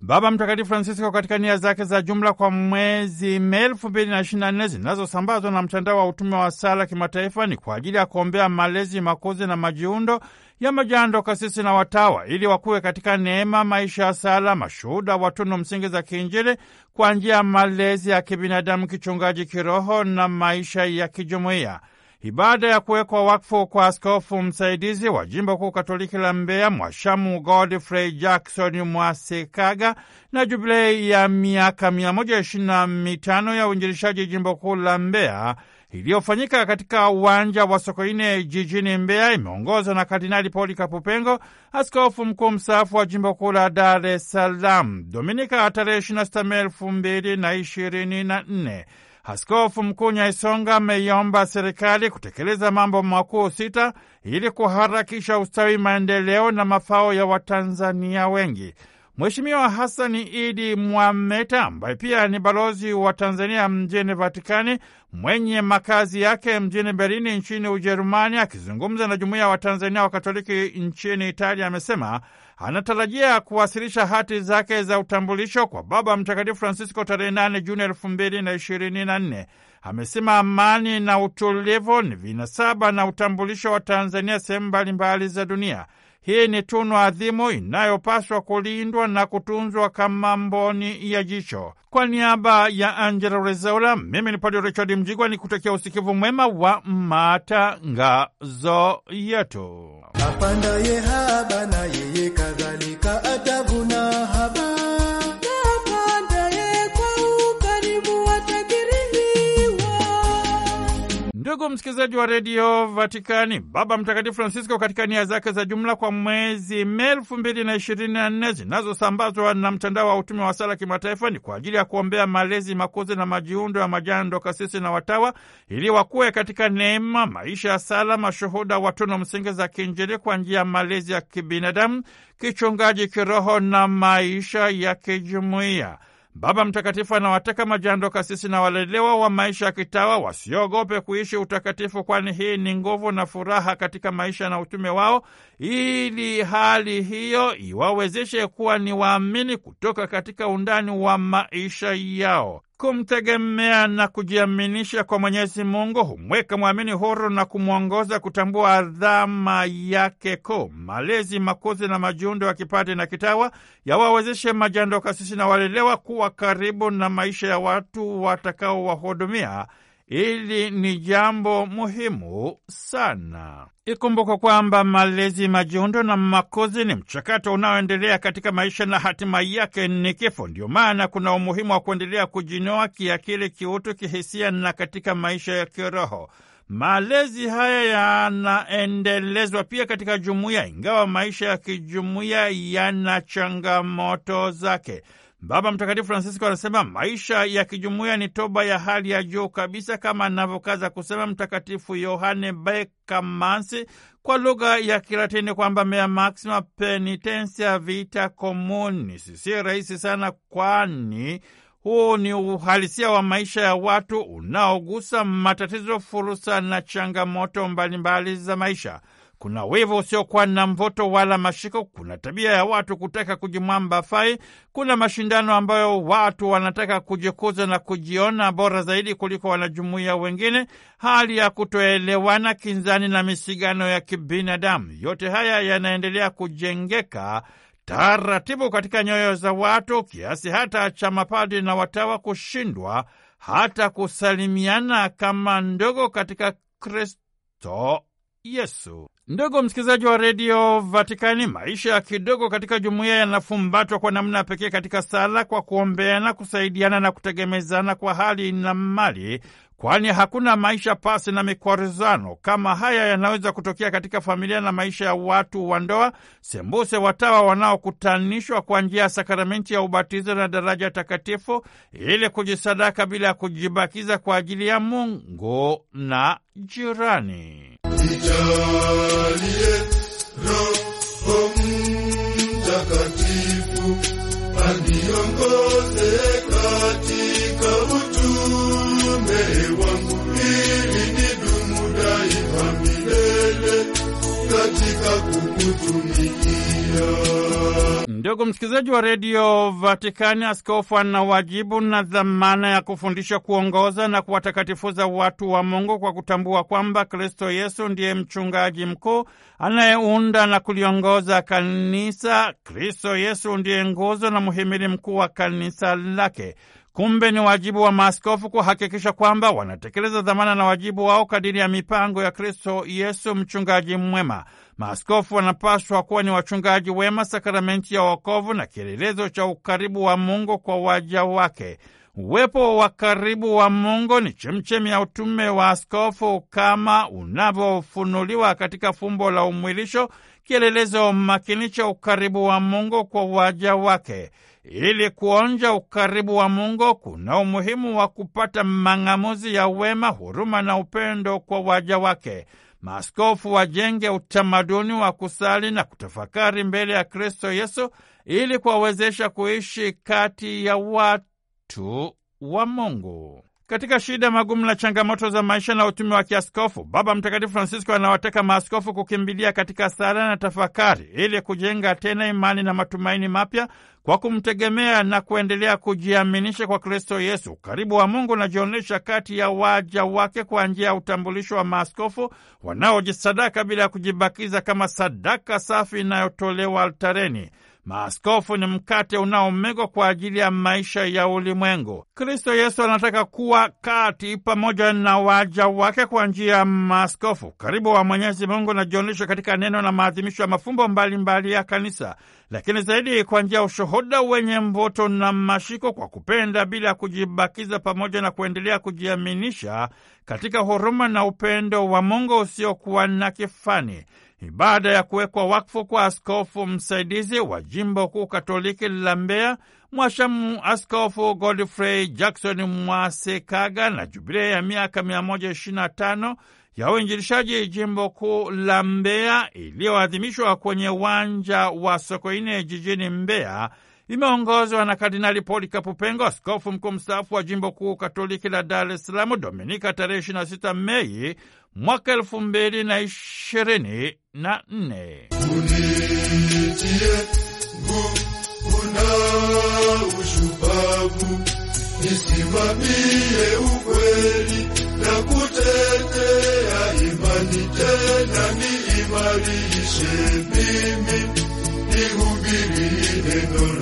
Baba Mtakatifu Francisco katika nia zake za jumla kwa mwezi Mei elfu mbili na ishirini na nne zinazosambazwa na mtandao wa utume wa sala kimataifa ni kwa ajili ya kuombea malezi, makuzi na majiundo ya majando, kasisi na watawa, ili wakuwe katika neema, maisha ya sala, mashuhuda wa tunu msingi za kiinjili kwa njia ya malezi ya kibinadamu, kichungaji, kiroho na maisha ya kijumuiya ibada ya kuwekwa wakfu kwa askofu msaidizi wa jimbo kuu katoliki la Mbeya, Mwashamu Godfrey Jackson Mwasikaga, na jubilei ya miaka 125 ya uinjilishaji jimbo kuu la Mbeya iliyofanyika katika uwanja wa Sokoine jijini Mbeya, imeongozwa na Kardinali pauli kapupengo askofu mkuu mstaafu wa jimbo kuu la Dar es Salaam, Dominika tarehe 26 Mei 2024. Askofu Mkuu Nyaisonga ameiomba serikali kutekeleza mambo makuu sita ili kuharakisha ustawi, maendeleo na mafao ya Watanzania wengi. Mheshimiwa Hasani Idi Mwameta ambaye pia ni balozi wa Tanzania mjini Vatikani mwenye makazi yake mjini Berlini nchini Ujerumani, akizungumza na jumuiya ya Watanzania wa Katoliki nchini Italia amesema anatarajia kuwasilisha hati zake za utambulisho kwa Baba Mtakatifu Francisco tarehe 8 Juni elfu mbili na ishirini na nne. Amesema amani na utulivu ni vinasaba na utambulisho wa Tanzania sehemu mbalimbali za dunia. Hii ni tunu adhimu inayopaswa kulindwa na kutunzwa kama mboni ya jicho. Kwa niaba ya Angela Rezaula, mimi ni Padre Richard Mjigwa ni kutakia usikivu mwema wa matangazo yetu. Ndugu msikilizaji wa redio Vatikani, Baba Mtakatifu Francisco katika nia zake za jumla kwa mwezi Mei elfu mbili na ishirini na nne zinazosambazwa na mtandao wa utume wa sala kimataifa ni kwa ajili ya kuombea malezi, makuzi na majiundo ya majando, kasisi na watawa, ili wakuwe katika neema, maisha ya sala, mashuhuda wa tunu msingi za kiinjili kwa njia ya malezi ya kibinadamu, kichungaji, kiroho na maisha ya kijumuiya. Baba Mtakatifu anawataka majando, kasisi na walelewa wa maisha ya kitawa wasiogope kuishi utakatifu, kwani hii ni nguvu na furaha katika maisha na utume wao, ili hali hiyo iwawezeshe kuwa ni waamini kutoka katika undani wa maisha yao kumtegemea na kujiaminisha kwa Mwenyezi Mungu humweka mwamini huru na kumwongoza kutambua adhama yake kuu. Malezi, makuzi na majundo ya kipadi na kitawa yawawezeshe majando, kasisi na walelewa kuwa karibu na maisha ya watu watakaowahudumia Hili ni jambo muhimu sana. Ikumbukwe kwamba malezi, majiundo na makuzi ni mchakato unaoendelea katika maisha na hatima yake ni kifo. Ndio maana kuna umuhimu wa kuendelea kujinoa kiakili, kiutu, kihisia na katika maisha ya kiroho. Malezi haya yanaendelezwa pia katika jumuiya, ingawa maisha ya kijumuiya yana changamoto zake. Baba Mtakatifu Francisco anasema maisha ya kijumuiya ni toba ya hali ya juu kabisa, kama anavyokaza kusema Mtakatifu Yohane Bekemansi kwa lugha ya Kilatini kwamba mea maxima penitensia vita communis, si rahisi sana, kwani huu ni uhalisia wa maisha ya watu unaogusa matatizo, fursa na changamoto mbalimbali mbali za maisha kuna wivu usiokuwa na mvuto wala mashiko, kuna tabia ya watu kutaka kujimwamba fai, kuna mashindano ambayo watu wanataka kujikuza na kujiona bora zaidi kuliko wanajumuiya wengine, hali ya kutoelewana, kinzani na misigano ya kibinadamu. Yote haya yanaendelea kujengeka taratibu katika nyoyo za watu kiasi hata cha mapadi na watawa kushindwa hata kusalimiana kama ndogo katika Kristo Yesu. Ndugu msikilizaji wa redio Vatikani, maisha ya kidogo katika jumuiya yanafumbatwa kwa namna pekee katika sala, kwa kuombeana, kusaidiana na kutegemezana kwa hali na mali, kwani hakuna maisha pasi na mikwaruzano. Kama haya yanaweza kutokea katika familia na maisha ya watu wa ndoa, sembuse watawa wanaokutanishwa kwa njia ya sakramenti ya ubatizo na daraja takatifu, ili kujisadaka bila ya kujibakiza kwa ajili ya Mungu na jirani. tujalie Roho Mtakatifu aniongoze katika Ndugu msikilizaji wa redio Vatikani, askofu ana wajibu na dhamana ya kufundisha, kuongoza na kuwatakatifuza watu wa Mungu kwa kutambua kwamba Kristo Yesu ndiye mchungaji mkuu anayeunda na kuliongoza kanisa. Kristo Yesu ndiye nguzo na muhimili mkuu wa kanisa lake. Kumbe ni wajibu wa maaskofu kuhakikisha kwamba wanatekeleza dhamana na wajibu wao kadiri ya mipango ya Kristo Yesu mchungaji mwema. Maaskofu wanapaswa kuwa ni wachungaji wema, sakramenti ya wokovu na kielelezo cha ukaribu wa Mungu kwa waja wake. Uwepo wa karibu wa Mungu ni chemchemi ya utume wa askofu kama unavyofunuliwa katika fumbo la umwilisho, kielelezo makini cha ukaribu wa Mungu kwa waja wake. Ili kuonja ukaribu wa Mungu, kuna umuhimu wa kupata mang'amuzi ya wema, huruma na upendo kwa waja wake maaskofu wajenge utamaduni wa kusali na kutafakari mbele ya Kristo Yesu ili kuwawezesha kuishi kati ya watu wa Mungu. Katika shida magumu na changamoto za maisha na utumi wa kiaskofu, Baba Mtakatifu Francisco anawataka maaskofu kukimbilia katika sala na tafakari ili kujenga tena imani na matumaini mapya kwa kumtegemea na kuendelea kujiaminisha kwa Kristo Yesu. karibu wa Mungu unajionyesha kati ya waja wake kwa njia ya utambulisho wa maaskofu wanaojisadaka bila ya kujibakiza, kama sadaka safi inayotolewa altareni. Maaskofu ni mkate unaomegwa kwa ajili ya maisha ya ulimwengu. Kristo Yesu anataka kuwa kati pamoja na waja wake kwa njia ya maaskofu. Karibu wa Mwenyezi Mungu unajionyesha katika neno na maadhimisho ya mafumbo mbalimbali mbali ya kanisa, lakini zaidi kwa njia ya ushuhuda wenye mvuto na mashiko, kwa kupenda bila kujibakiza, pamoja na kuendelea kujiaminisha katika huruma na upendo wa Mungu usiokuwa na kifani. Ibada ya kuwekwa wakfu kwa askofu msaidizi wa jimbo kuu katoliki la Mbeya, mwashamu Askofu Godfrey Jackson Mwasekaga, na jubilei ya miaka 125 ya uinjilishaji jimbo kuu la Mbeya iliyoadhimishwa kwenye uwanja wa Sokoine jijini Mbeya imeongozwa na Kardinali Polikapu Pengo, askofu mkuu mstaafu wa jimbo kuu katoliki la Dar es Salaam, Dominika tarehe 26 Mei mwaka elfu mbili na ishirini na nne. Unitie nguvu na ushupavu, nisimamie ukweli na kutetea imani, tena niimarishe mimi, nihubirie neno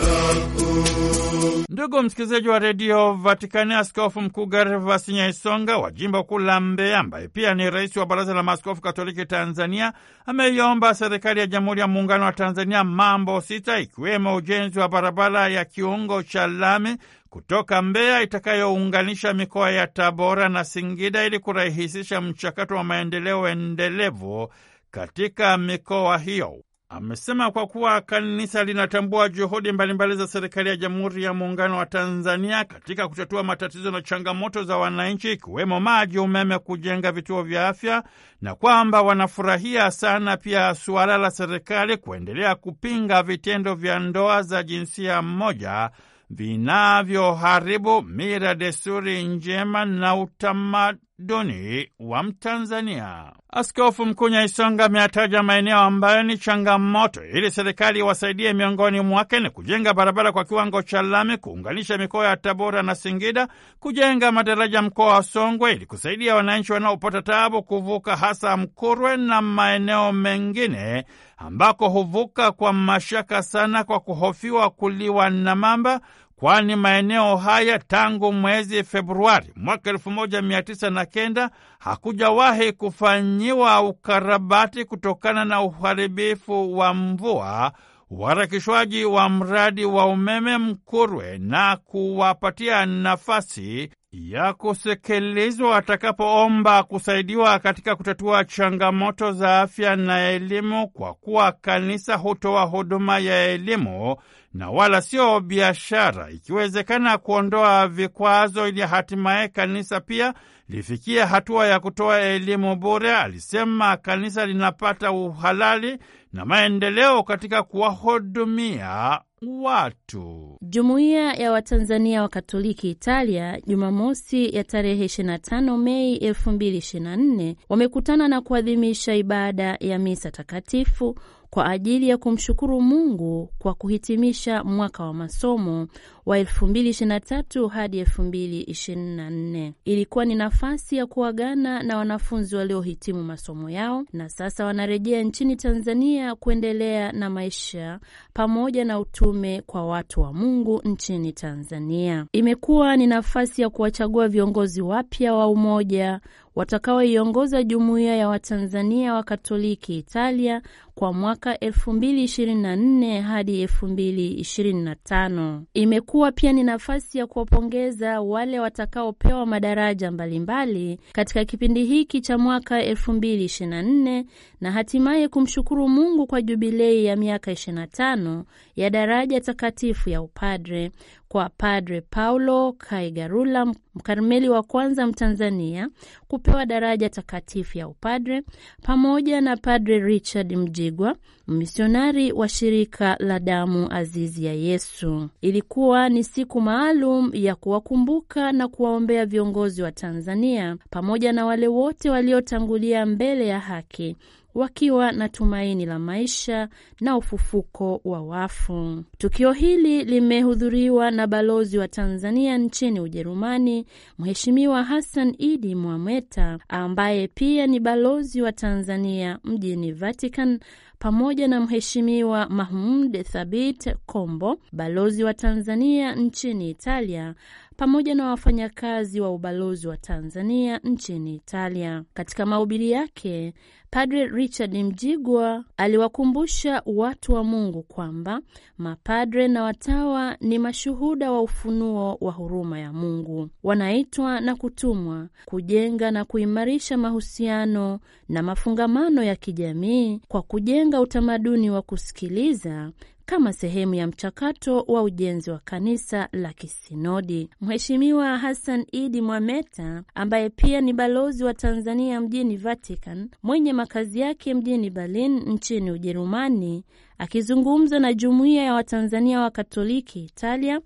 Ndugu msikilizaji wa redio Vatikani, askofu mkuu Gervas Nyaisonga wa jimbo kuu la Mbeya, ambaye pia ni rais wa baraza la maaskofu katoliki Tanzania, ameiomba serikali ya jamhuri ya muungano wa Tanzania mambo sita, ikiwemo ujenzi wa barabara ya kiungo cha lami kutoka Mbeya itakayounganisha mikoa ya Tabora na Singida ili kurahisisha mchakato wa maendeleo endelevu katika mikoa hiyo. Amesema kwa kuwa kanisa linatambua juhudi mbalimbali za serikali ya Jamhuri ya Muungano wa Tanzania katika kutatua matatizo na changamoto za wananchi, ikiwemo maji, umeme, kujenga vituo vya afya, na kwamba wanafurahia sana pia suala la serikali kuendelea kupinga vitendo vya ndoa za jinsia moja vinavyoharibu mira, desturi njema na utamaduni duni wa Mtanzania. Askofu Mkuu Nyaisonga ameataja maeneo ambayo ni changamoto ili serikali iwasaidie. Miongoni mwake ni kujenga barabara kwa kiwango cha lami kuunganisha mikoa ya Tabora na Singida, kujenga madaraja mkoa wa Songwe ili kusaidia wananchi wanaopata taabu kuvuka, hasa Mkurwe na maeneo mengine ambako huvuka kwa mashaka sana kwa kuhofiwa kuliwa na mamba kwani maeneo haya tangu mwezi Februari mwaka elfu moja mia tisa na kenda hakujawahi kufanyiwa ukarabati kutokana na uharibifu wa mvua, uharakishwaji wa mradi wa umeme Mkurwe na kuwapatia nafasi ya kusekelezwa atakapoomba kusaidiwa katika kutatua changamoto za afya na elimu, kwa kuwa kanisa hutoa huduma ya elimu na wala sio biashara, ikiwezekana kuondoa vikwazo ili hatimaye kanisa pia lifikie hatua ya kutoa elimu bure. Alisema kanisa linapata uhalali na maendeleo katika kuwahudumia watu. Jumuiya ya Watanzania wa Katoliki Italia Jumamosi ya tarehe 25 Mei 2024 wamekutana na kuadhimisha ibada ya misa takatifu kwa ajili ya kumshukuru Mungu kwa kuhitimisha mwaka wa masomo wa 2023 hadi 2024. Ilikuwa ni nafasi ya kuagana na wanafunzi waliohitimu masomo yao na sasa wanarejea nchini Tanzania kuendelea na maisha pamoja na utume kwa watu wa Mungu nchini Tanzania. Imekuwa ni nafasi ya kuwachagua viongozi wapya wa umoja watakaoiongoza jumuiya ya Watanzania wa Katoliki Italia kwa mwaka 2024 hadi 2025. Imekuwa kuwa pia ni nafasi ya kuwapongeza wale watakaopewa madaraja mbalimbali mbali katika kipindi hiki cha mwaka 2024 na hatimaye kumshukuru Mungu kwa jubilei ya miaka 25 ya daraja takatifu ya upadre kwa Padre Paulo Kaigarula, mkarmeli wa kwanza Mtanzania kupewa daraja takatifu ya upadre, pamoja na Padre Richard Mjigwa, mmisionari wa shirika la damu azizi ya Yesu. Ilikuwa ni siku maalum ya kuwakumbuka na kuwaombea viongozi wa Tanzania pamoja na wale wote waliotangulia mbele ya haki wakiwa na tumaini la maisha na ufufuko wa wafu. Tukio hili limehudhuriwa na balozi wa Tanzania nchini Ujerumani, Mheshimiwa Hassan Idi Mwamweta ambaye pia ni balozi wa Tanzania mjini Vatican pamoja na Mheshimiwa Mahmud Thabit Kombo, balozi wa Tanzania nchini Italia pamoja na wafanyakazi wa ubalozi wa Tanzania nchini Italia. Katika mahubiri yake, Padre Richard Mjigwa aliwakumbusha watu wa Mungu kwamba mapadre na watawa ni mashuhuda wa ufunuo wa huruma ya Mungu, wanaitwa na kutumwa kujenga na kuimarisha mahusiano na mafungamano ya kijamii kwa kujenga utamaduni wa kusikiliza kama sehemu ya mchakato wa ujenzi wa kanisa la kisinodi. Mheshimiwa Hassan Idi Mwameta ambaye pia ni balozi wa Tanzania mjini Vatican mwenye makazi yake mjini Berlin nchini Ujerumani, akizungumza na jumuiya ya Watanzania wa Katoliki Italia,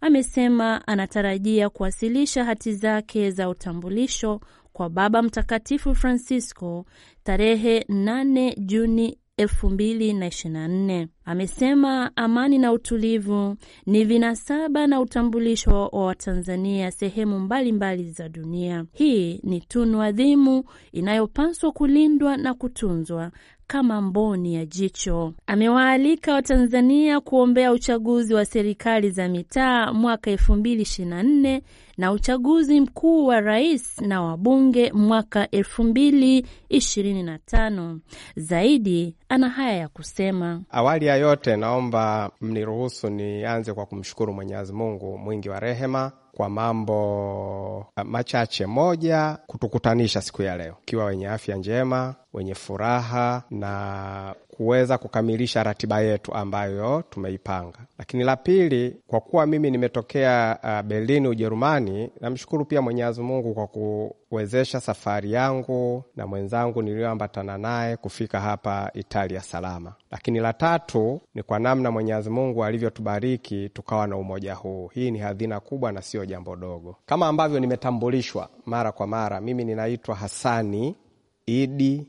amesema anatarajia kuwasilisha hati zake za utambulisho kwa Baba Mtakatifu Francisco tarehe 8 Juni elfu Amesema amani na utulivu ni vinasaba na utambulisho wa Watanzania sehemu mbalimbali mbali za dunia. Hii ni tunu adhimu inayopaswa kulindwa na kutunzwa, kama mboni ya jicho. Amewaalika Watanzania kuombea uchaguzi wa serikali za mitaa mwaka 2024 na uchaguzi mkuu wa rais na wabunge mwaka 2025. Zaidi ana haya ya kusema. Awali ya yote, naomba mniruhusu nianze kwa kumshukuru Mwenyezi Mungu mwingi wa rehema kwa mambo eh, machache. Moja, kutukutanisha siku ya leo, ukiwa wenye afya njema, wenye furaha na kuweza kukamilisha ratiba yetu ambayo tumeipanga. Lakini la pili, kwa kuwa mimi nimetokea uh, Berlin, Ujerumani, namshukuru pia Mwenyezi Mungu kwa kuwezesha safari yangu na mwenzangu niliyoambatana naye kufika hapa Italia salama. Lakini la tatu ni kwa namna Mwenyezi Mungu alivyotubariki tukawa na umoja huu. Hii ni hadhina kubwa na sio jambo dogo. Kama ambavyo nimetambulishwa mara kwa mara, mimi ninaitwa Hasani Idi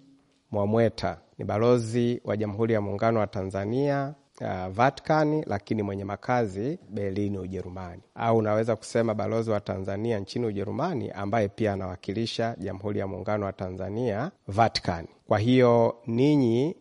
Mwamweta ni balozi wa Jamhuri ya Muungano wa Tanzania uh, Vatican, lakini mwenye makazi Berlin, Ujerumani, au unaweza kusema balozi wa Tanzania nchini Ujerumani ambaye pia anawakilisha Jamhuri ya Muungano wa Tanzania Vatican. Kwa hiyo ninyi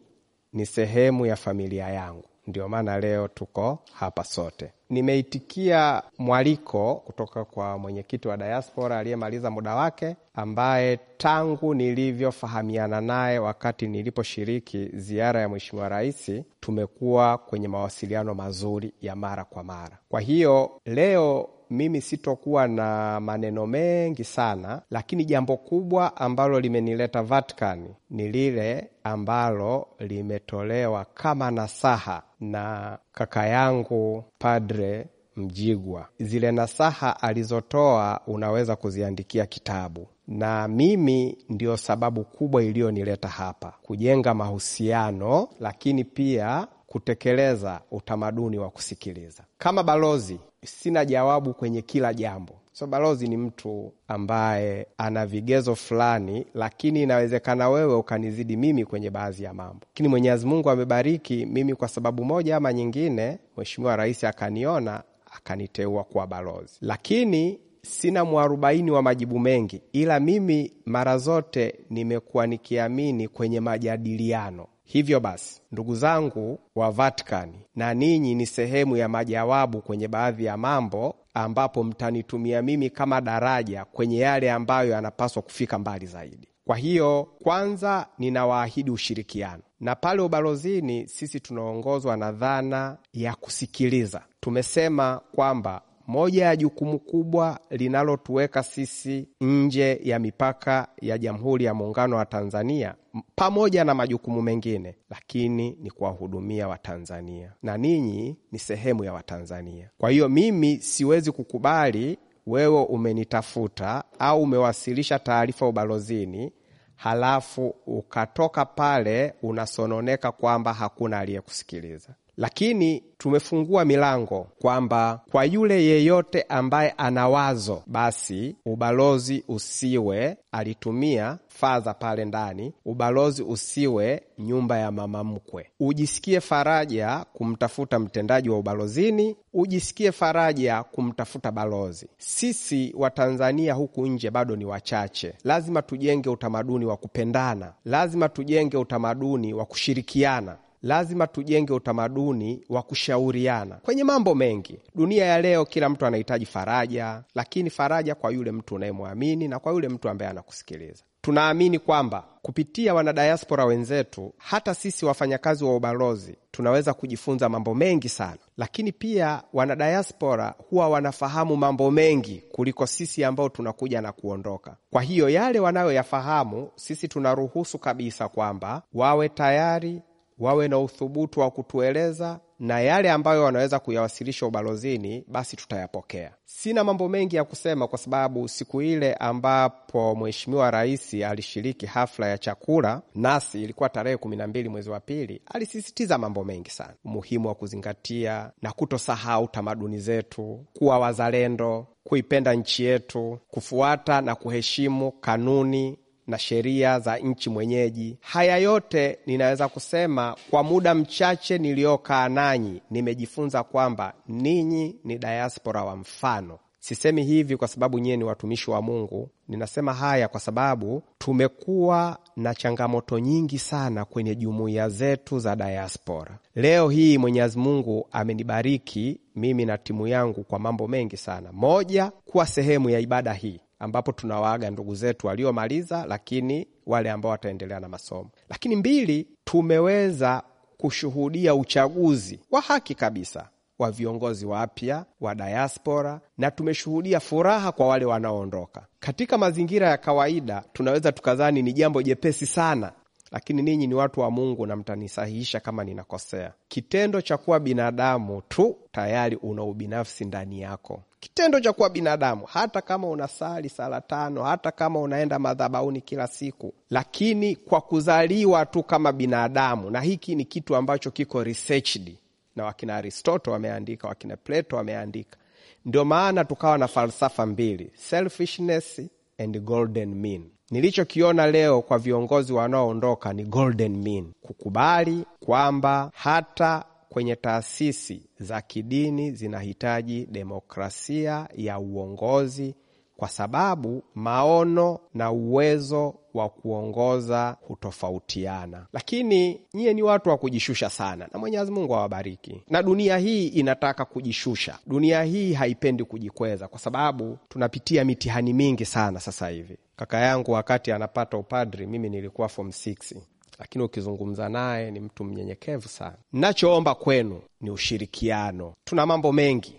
ni sehemu ya familia yangu. Ndio maana leo tuko hapa sote. Nimeitikia mwaliko kutoka kwa mwenyekiti wa diaspora aliyemaliza muda wake, ambaye tangu nilivyofahamiana naye wakati niliposhiriki ziara ya Mheshimiwa Rais, tumekuwa kwenye mawasiliano mazuri ya mara kwa mara. Kwa hiyo leo mimi sitokuwa na maneno mengi sana, lakini jambo kubwa ambalo limenileta Vatican ni lile ambalo limetolewa kama nasaha na kaka yangu Padre Mjigwa. Zile nasaha alizotoa unaweza kuziandikia kitabu, na mimi ndiyo sababu kubwa iliyonileta hapa, kujenga mahusiano, lakini pia kutekeleza utamaduni wa kusikiliza. Kama balozi, sina jawabu kwenye kila jambo. So balozi ni mtu ambaye ana vigezo fulani, lakini inawezekana wewe ukanizidi mimi kwenye baadhi ya mambo, lakini Mwenyezi Mungu amebariki mimi, kwa sababu moja ama nyingine, Mheshimiwa Rais akaniona akaniteua kuwa balozi, lakini sina mwarobaini wa majibu mengi, ila mimi mara zote nimekuwa nikiamini kwenye majadiliano Hivyo basi, ndugu zangu wa Vatikani, na ninyi ni sehemu ya majawabu kwenye baadhi ya mambo ambapo mtanitumia mimi kama daraja kwenye yale ambayo yanapaswa kufika mbali zaidi. Kwa hiyo kwanza, ninawaahidi ushirikiano, na pale ubalozini sisi tunaongozwa na dhana ya kusikiliza. Tumesema kwamba moja ya jukumu kubwa linalotuweka sisi nje ya mipaka ya Jamhuri ya Muungano wa Tanzania pamoja na majukumu mengine, lakini ni kuwahudumia Watanzania na ninyi ni sehemu ya Watanzania. Kwa hiyo mimi siwezi kukubali wewe umenitafuta au umewasilisha taarifa ubalozini halafu ukatoka pale unasononeka kwamba hakuna aliyekusikiliza lakini tumefungua milango kwamba kwa yule yeyote ambaye ana wazo, basi ubalozi usiwe alitumia fadha pale ndani, ubalozi usiwe nyumba ya mama mkwe. Ujisikie faraja kumtafuta mtendaji wa ubalozini, ujisikie faraja kumtafuta balozi. Sisi Watanzania huku nje bado ni wachache, lazima tujenge utamaduni wa kupendana, lazima tujenge utamaduni wa kushirikiana lazima tujenge utamaduni wa kushauriana kwenye mambo mengi. Dunia ya leo, kila mtu anahitaji faraja, lakini faraja kwa yule mtu unayemwamini na kwa yule mtu ambaye anakusikiliza. Tunaamini kwamba kupitia wanadiaspora wenzetu, hata sisi wafanyakazi wa ubalozi tunaweza kujifunza mambo mengi sana, lakini pia wanadiaspora huwa wanafahamu mambo mengi kuliko sisi ambao tunakuja na kuondoka. Kwa hiyo yale wanayoyafahamu, sisi tunaruhusu kabisa kwamba wawe tayari wawe na uthubutu wa kutueleza na yale ambayo wanaweza kuyawasilisha ubalozini, basi tutayapokea. Sina mambo mengi ya kusema kwa sababu siku ile ambapo Mheshimiwa Rais alishiriki hafla ya chakula nasi, ilikuwa tarehe kumi na mbili mwezi wa pili, alisisitiza mambo mengi sana, umuhimu wa kuzingatia na kutosahau tamaduni zetu, kuwa wazalendo, kuipenda nchi yetu, kufuata na kuheshimu kanuni na sheria za nchi mwenyeji. Haya yote ninaweza kusema kwa muda mchache niliyokaa nanyi, nimejifunza kwamba ninyi ni diaspora wa mfano. Sisemi hivi kwa sababu nyiye ni watumishi wa Mungu. Ninasema haya kwa sababu tumekuwa na changamoto nyingi sana kwenye jumuiya zetu za diaspora. Leo hii Mwenyezi Mungu amenibariki mimi na timu yangu kwa mambo mengi sana. Moja, kuwa sehemu ya ibada hii ambapo tunawaaga ndugu zetu waliomaliza, lakini wale ambao wataendelea na masomo. Lakini mbili, tumeweza kushuhudia uchaguzi wa haki kabisa wa viongozi wapya wa diaspora na tumeshuhudia furaha kwa wale wanaoondoka. Katika mazingira ya kawaida tunaweza tukadhani ni jambo jepesi sana, lakini ninyi ni watu wa Mungu na mtanisahihisha kama ninakosea. Kitendo cha kuwa binadamu tu, tayari una ubinafsi ndani yako kitendo cha kuwa binadamu. Hata kama unasali sala tano, hata kama unaenda madhabauni kila siku, lakini kwa kuzaliwa tu kama binadamu, na hiki ni kitu ambacho kiko researched na wakina aristoto wameandika, wakina Plato wameandika. Ndio maana tukawa na falsafa mbili, selfishness and golden mean. Nilichokiona leo kwa viongozi wanaoondoka ni golden mean, kukubali kwamba hata kwenye taasisi za kidini zinahitaji demokrasia ya uongozi kwa sababu maono na uwezo wa kuongoza hutofautiana, lakini nyiye ni watu wa kujishusha sana, na Mwenyezi Mungu awabariki. Na dunia hii inataka kujishusha, dunia hii haipendi kujikweza, kwa sababu tunapitia mitihani mingi sana sasa hivi. Kaka yangu wakati anapata upadri, mimi nilikuwa form 6 lakini ukizungumza naye ni mtu mnyenyekevu sana. Nachoomba kwenu ni ushirikiano. Tuna mambo mengi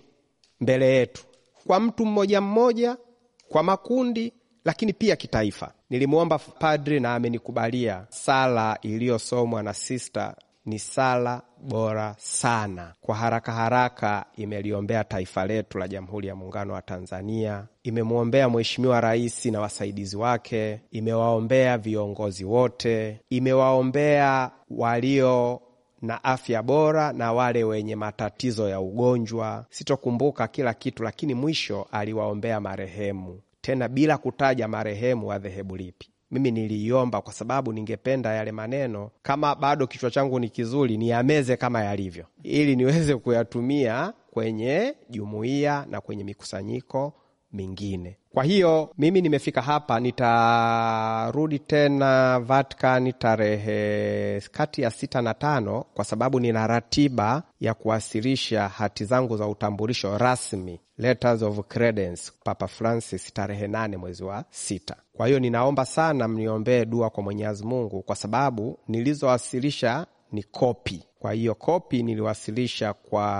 mbele yetu, kwa mtu mmoja mmoja, kwa makundi, lakini pia kitaifa. Nilimwomba padri na amenikubalia sala iliyosomwa na sista ni sala bora sana. Kwa haraka haraka imeliombea taifa letu la Jamhuri ya Muungano wa Tanzania, imemwombea Mheshimiwa Rais na wasaidizi wake, imewaombea viongozi wote, imewaombea walio na afya bora na wale wenye matatizo ya ugonjwa. Sitokumbuka kila kitu, lakini mwisho aliwaombea marehemu, tena bila kutaja marehemu wa dhehebu lipi mimi niliiomba kwa sababu ningependa yale maneno, kama bado kichwa changu ni kizuri, niyameze kama yalivyo, ili niweze kuyatumia kwenye jumuiya na kwenye mikusanyiko mingine. Kwa hiyo mimi nimefika hapa, nitarudi tena Vatican tarehe kati ya sita na tano kwa sababu nina ratiba ya kuwasilisha hati zangu za utambulisho rasmi, letters of credence, Papa Francis tarehe nane mwezi wa sita. Kwa hiyo ninaomba sana mniombee dua kwa Mwenyezi Mungu kwa sababu nilizowasilisha ni kopi. Kwa hiyo kopi niliwasilisha kwa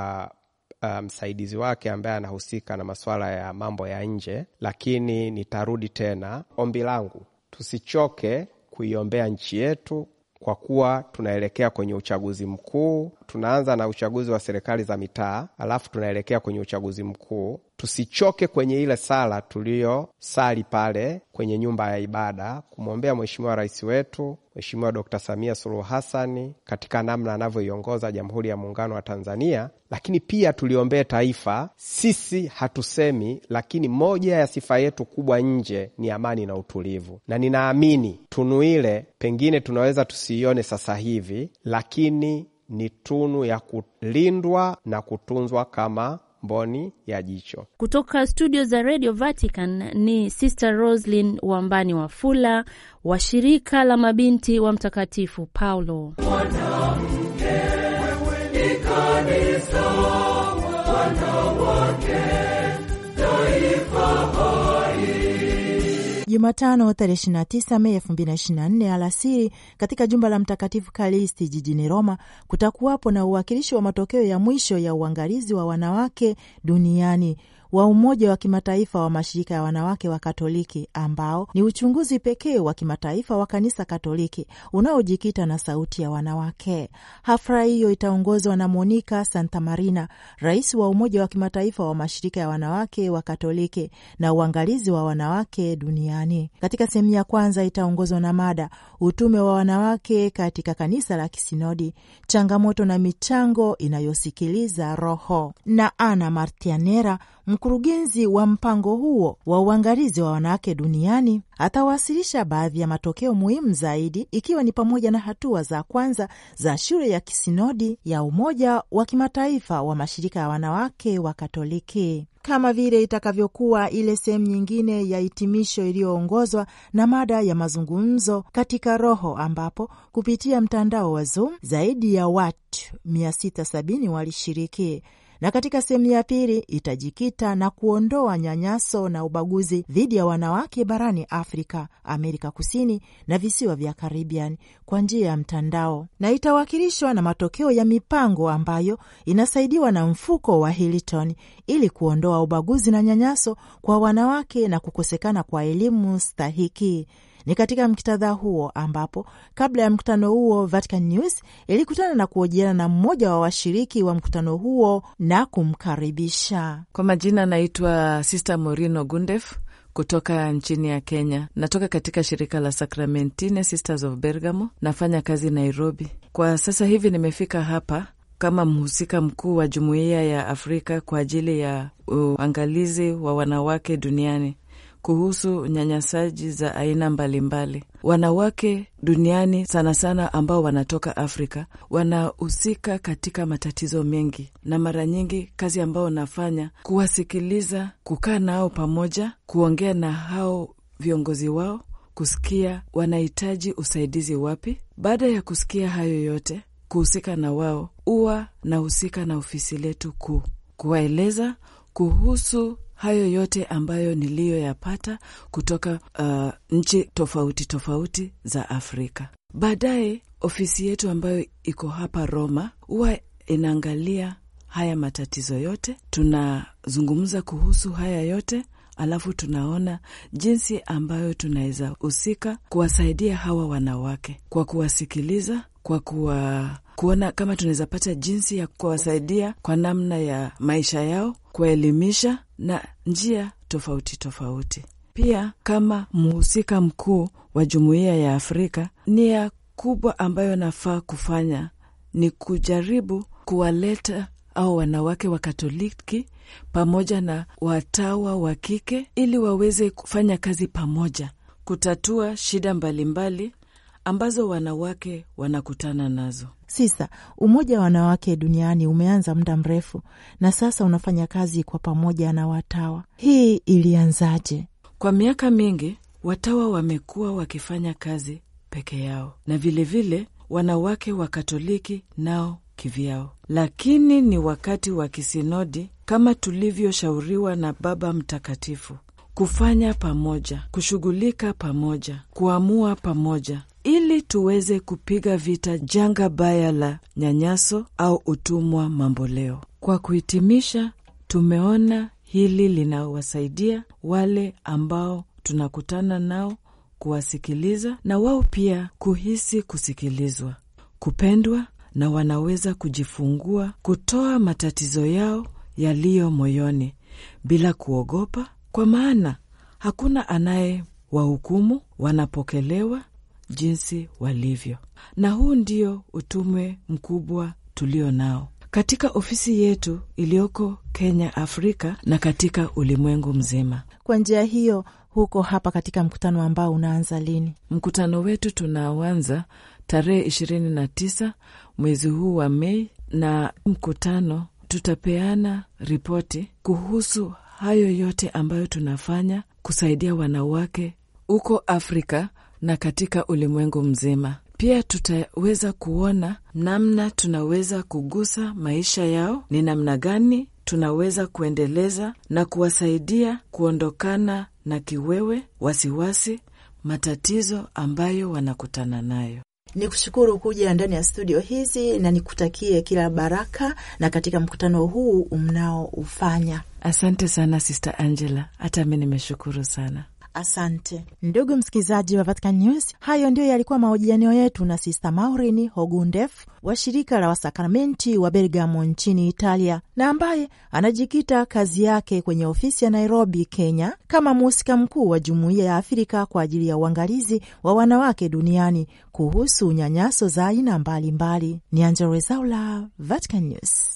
Um, msaidizi um, wake ambaye anahusika na masuala ya mambo ya nje, lakini nitarudi tena. Ombi langu tusichoke kuiombea nchi yetu, kwa kuwa tunaelekea kwenye uchaguzi mkuu tunaanza na uchaguzi wa serikali za mitaa, alafu tunaelekea kwenye uchaguzi mkuu. Tusichoke kwenye ile sala tuliyosali pale kwenye nyumba ya ibada kumwombea Mheshimiwa Rais wetu Mheshimiwa Dkt. Samia Suluhu hasani katika namna anavyoiongoza Jamhuri ya Muungano wa Tanzania, lakini pia tuliombee taifa. Sisi hatusemi, lakini moja ya sifa yetu kubwa nje ni amani na utulivu, na ninaamini tunu ile pengine tunaweza tusiione sasa hivi, lakini ni tunu ya kulindwa na kutunzwa kama mboni ya jicho. Kutoka studio za Radio Vatican ni Sister roslin Wambani Wafula wa shirika la mabinti wa Mtakatifu Paulo. Mwanamke, ni kanisa. Jumatano tarehe 29 Mei 2024 alasiri katika jumba la Mtakatifu Kalisti jijini Roma kutakuwapo na uwakilishi wa matokeo ya mwisho ya uangalizi wa wanawake duniani wa Umoja wa Kimataifa wa Mashirika ya Wanawake wa Katoliki, ambao ni uchunguzi pekee wa kimataifa wa Kanisa Katoliki unaojikita na sauti ya wanawake. Hafla hiyo itaongozwa na Monica Santa Marina, rais wa Umoja wa Kimataifa wa Mashirika ya Wanawake wa Katoliki na uangalizi wa wanawake duniani. Katika sehemu ya kwanza itaongozwa na mada utume wa wanawake katika kanisa la kisinodi, changamoto na michango inayosikiliza Roho na Ana Martianera mkurugenzi wa mpango huo wa uangalizi wa wanawake duniani atawasilisha baadhi ya matokeo muhimu zaidi ikiwa ni pamoja na hatua za kwanza za shule ya kisinodi ya Umoja wa Kimataifa wa Mashirika ya Wanawake wa Katoliki kama vile itakavyokuwa ile sehemu nyingine ya hitimisho iliyoongozwa na mada ya mazungumzo katika roho, ambapo kupitia mtandao wa Zoom zaidi ya watu 670 walishiriki na katika sehemu ya pili itajikita na kuondoa nyanyaso na ubaguzi dhidi ya wanawake barani Afrika, Amerika Kusini na visiwa vya Karibian kwa njia ya mtandao, na itawakilishwa na matokeo ya mipango ambayo inasaidiwa na mfuko wa Hilton ili kuondoa ubaguzi na nyanyaso kwa wanawake na kukosekana kwa elimu stahiki ni katika mkitadha huo ambapo kabla ya mkutano huo Vatican News ilikutana na kuhojiana na mmoja wa washiriki wa mkutano huo na kumkaribisha kwa majina. Anaitwa Sister Morino Gundef kutoka nchini ya Kenya. Natoka katika shirika la Sacramentine Sisters of Bergamo, nafanya kazi Nairobi. Kwa sasa hivi nimefika hapa kama mhusika mkuu wa jumuiya ya Afrika kwa ajili ya uangalizi wa wanawake duniani kuhusu nyanyasaji za aina mbalimbali. Wanawake duniani sana sana ambao wanatoka Afrika wanahusika katika matatizo mengi, na mara nyingi kazi ambao wanafanya kuwasikiliza, kukaa nao pamoja, kuongea na hao viongozi wao, kusikia wanahitaji usaidizi wapi. Baada ya kusikia hayo yote, kuhusika na wao, huwa nahusika na ofisi letu kuu kuwaeleza kuhusu hayo yote ambayo niliyoyapata kutoka uh, nchi tofauti tofauti za Afrika. Baadaye ofisi yetu ambayo iko hapa Roma huwa inaangalia haya matatizo yote, tunazungumza kuhusu haya yote alafu tunaona jinsi ambayo tunaweza husika kuwasaidia hawa wanawake kwa kuwasikiliza, kwa kuwa kuona kama tunaweza pata jinsi ya kuwasaidia kwa namna ya maisha yao, kuwaelimisha na njia tofauti tofauti. Pia kama mhusika mkuu wa jumuiya ya Afrika, nia kubwa ambayo nafaa kufanya ni kujaribu kuwaleta au wanawake wa Katoliki pamoja na watawa wa kike ili waweze kufanya kazi pamoja kutatua shida mbalimbali mbali ambazo wanawake wanakutana nazo. Sisa, umoja wa wanawake duniani umeanza muda mrefu na sasa unafanya kazi kwa pamoja na watawa. Hii ilianzaje? Kwa miaka mingi watawa wamekuwa wakifanya kazi peke yao na vilevile vile, wanawake wa Katoliki nao kivyao, lakini ni wakati wa kisinodi kama tulivyoshauriwa na Baba Mtakatifu kufanya pamoja, kushughulika pamoja, kuamua pamoja, ili tuweze kupiga vita janga baya la nyanyaso au utumwa mamboleo. Kwa kuhitimisha, tumeona hili linawasaidia wale ambao tunakutana nao kuwasikiliza na wao pia kuhisi kusikilizwa, kupendwa, na wanaweza kujifungua kutoa matatizo yao yaliyo moyoni bila kuogopa, kwa maana hakuna anayewahukumu. Wanapokelewa jinsi walivyo, na huu ndio utume mkubwa tulio nao katika ofisi yetu iliyoko Kenya, Afrika na katika ulimwengu mzima. Kwa njia hiyo, huko hapa katika mkutano ambao unaanza lini? Mkutano wetu tunaanza tarehe ishirini na tisa mwezi huu wa Mei, na mkutano tutapeana ripoti kuhusu hayo yote ambayo tunafanya kusaidia wanawake huko Afrika na katika ulimwengu mzima. Pia tutaweza kuona namna tunaweza kugusa maisha yao, ni namna gani tunaweza kuendeleza na kuwasaidia kuondokana na kiwewe, wasiwasi, matatizo ambayo wanakutana nayo. Ni kushukuru kuja ndani ya studio hizi na nikutakie kila baraka na katika mkutano huu mnaoufanya. Asante sana Sister Angela, hata mi nimeshukuru sana. Asante ndugu msikilizaji wa Vatican News. Hayo ndiyo yalikuwa mahojiano yetu na Sista maurin Hogundef wa shirika la wasakramenti wa Bergamo nchini Italia, na ambaye anajikita kazi yake kwenye ofisi ya Nairobi, Kenya, kama mhusika mkuu wa Jumuiya ya Afrika kwa ajili ya uangalizi wa wanawake duniani kuhusu nyanyaso za aina mbalimbali. Ni Angella Rwezaula, Vatican News.